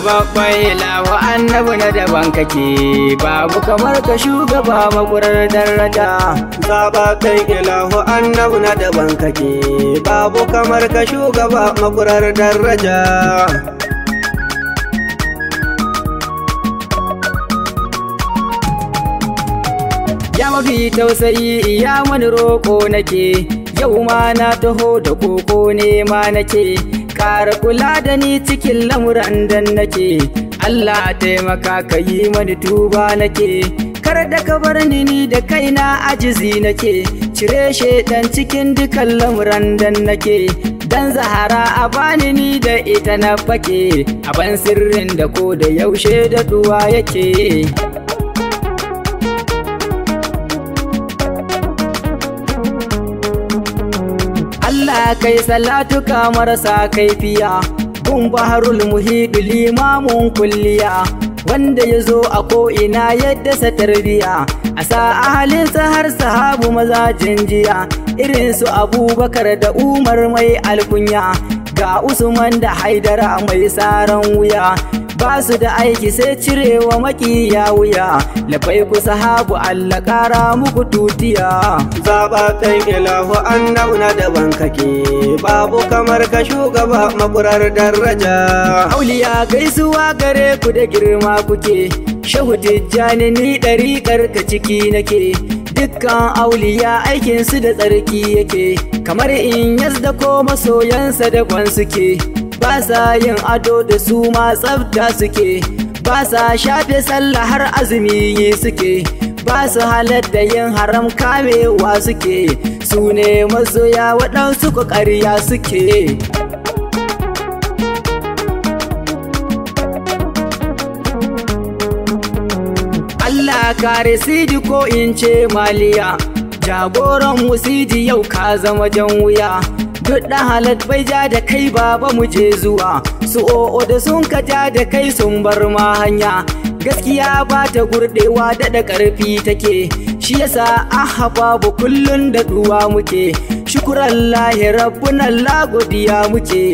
babbai lawa annabi na daban kake babu kamar ka shugaba makurar daraja kai ilahu annabi na daban kake babu kamar ka shugaba makurar daraja Ya mafi tausayi ya mani roƙo nake, yau ma na taho da koko ne ma nake. ƙara kula da ni cikin lamuran da nake Allah taimaka ka yi mani tuba nake kar da ka bar ni ni da kaina ajizi nake cire shedan cikin dukan lamuran da nake dan zahara a bani ni da ita na fake aban sirrin da ko da yaushe da duwa yake Allah kai salatu marasa kaifiya kun baharul muhidu limamun kulliya wanda ya zo a ko'ina yadda sa tarbiya a sa ahalinsa har sahabu maza jinjiya irin su abubakar da umar mai alkunya ga usman da haidara mai saran wuya ba su da aiki sai cirewa makiya wuya labai ku sahabu Allah ƙara muku tutiya zaɓaɓɓen ilahu annabu na daban kake babu kamar ka shugaba makurar daraja auliya gaisuwa gare ku da girma kuke shahu tijjani ni ɗariƙar ka ciki nake dukkan auliya aikinsu da tsarki yake kamar in da ko masoyansa da kwan suke ba sa yin ado da su ma tsafta suke ba sa shafe sallah har azumi yi suke ba su halatta yin haram kamewa suke su ne masoya waɗansu ƙoƙariya suke Allah kare sidi ko in ce maliya jagoran Sidi yau ka zama jan wuya duk da halat bai ja da kai baba mu je zuwa su o'o da sun ka ja da kai sun bar ma hanya gaskiya ba ta gurdewa da da karfi take shi yasa aha babu kullun da duwa muke shukurallahi lahi rabbun godiya muke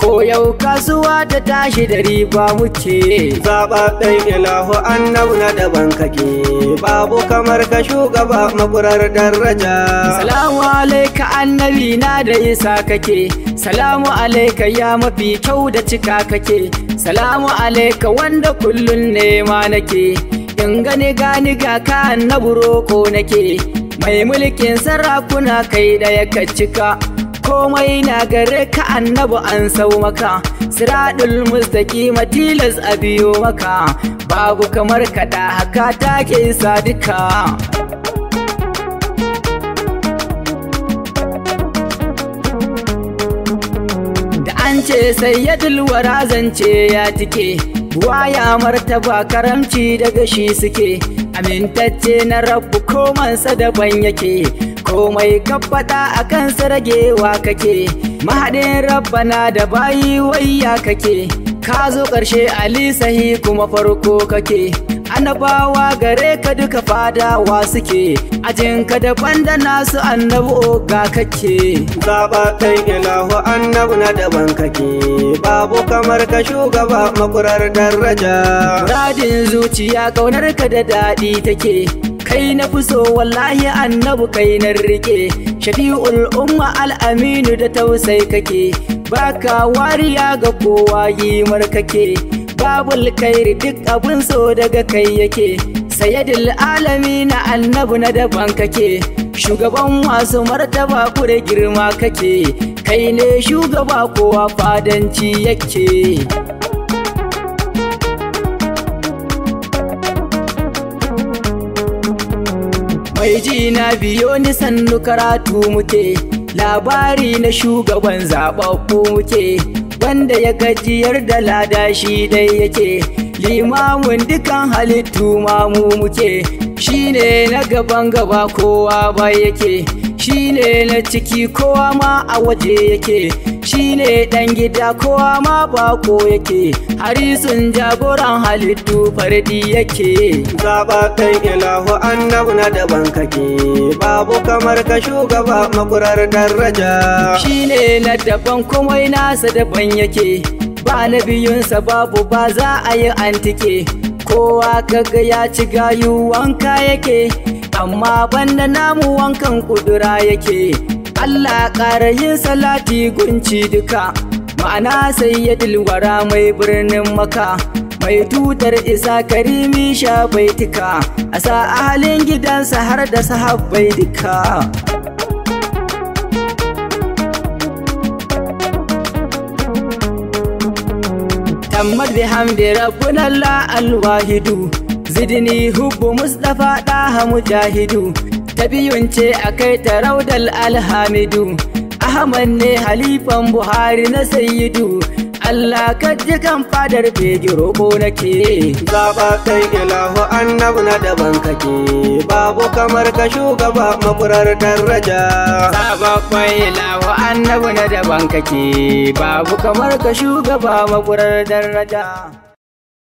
ko yau kasuwa ta tashi da riba wuce zaɓaɓɓen ilahu annabu na daban kake babu kamar ka shugaba makurar daraja salamu alaika annabi na da isa kake salamu alaika ya mafi kyau da cika kake salamu alaika wanda kullun nema nake in gani gani ga ka annaburo ko nake mai mulkin sarakuna kai da ka cika komai na gare ka annabi an sau maka siradul mustaki matilas a biyo maka babu kamar kaɗa haka take sadika da an ce sai ya dulwara zance ya tike waya martaba karamci daga shi suke amintacce na rabu sa daban yake komai kabbata akan saragewa kake mahadin rabbana da bayi wayya kake ka zo ƙarshe ali sahi kuma farko kake annabawa gare ka duka fadawa suke ajinka daban da nasu annabu ga kake zaɓatan ilahu annabu na daban kake babu kamar ka shugaba makurar daraja radin zuciya ƙaunar ka da daɗi take kai na fi so wallahi annabu kai na rike shafi'ul umma al'aminu da tausai kake baka wariya ga kowa yi markake babul kairi duk abun so daga kai yake sayyidul alami na annabu na daban kake shugaban wasu martaba ku da girma kake kai ne shugaba kowa fadanci yake Mai ji na biyo ni sannu karatu muke, labari na shugaban zaɓaɓɓu muke, wanda ya gajiyar da lada shi dai yake, limamin dukan halittu mamu muke, shi ne na gaban gaba kowa ba yake, shi ne na ciki kowa ma a waje yake. ne ɗan gida kowa ma ba ko yake harisun jagoran halittu fardi yake zaɓaɓɓen ilahu annabu na daban kake babu kamar ka shugaba makurar daraja shine na daban komai nasa daban yake ba na biyunsa babu ba za a yi antike kowa kaga ya ci gayu wanka yake amma banda namu wankan kudura yake Allah ƙara yin salati gunci duka ma'ana sai ya dilwara mai birnin maka mai tutar isa karimi sha tuka a ahalin gidansa har da sahabbai duka tammar hamdi rabbun Allah alwahidu zidni hubbu mustafa daha mujahidu ta biyun ce a kai ta raudal alhamidu ahmad ne halifan buhari na sayidu Allah ka ji kan fadar bege roƙo nake. Zaɓa kai ilahu annabu na daban kake, babu kamar ka shugaba makurar daraja. Zaɓa kai ilahu annabu na daban kake, babu kamar ka shugaba makurar daraja.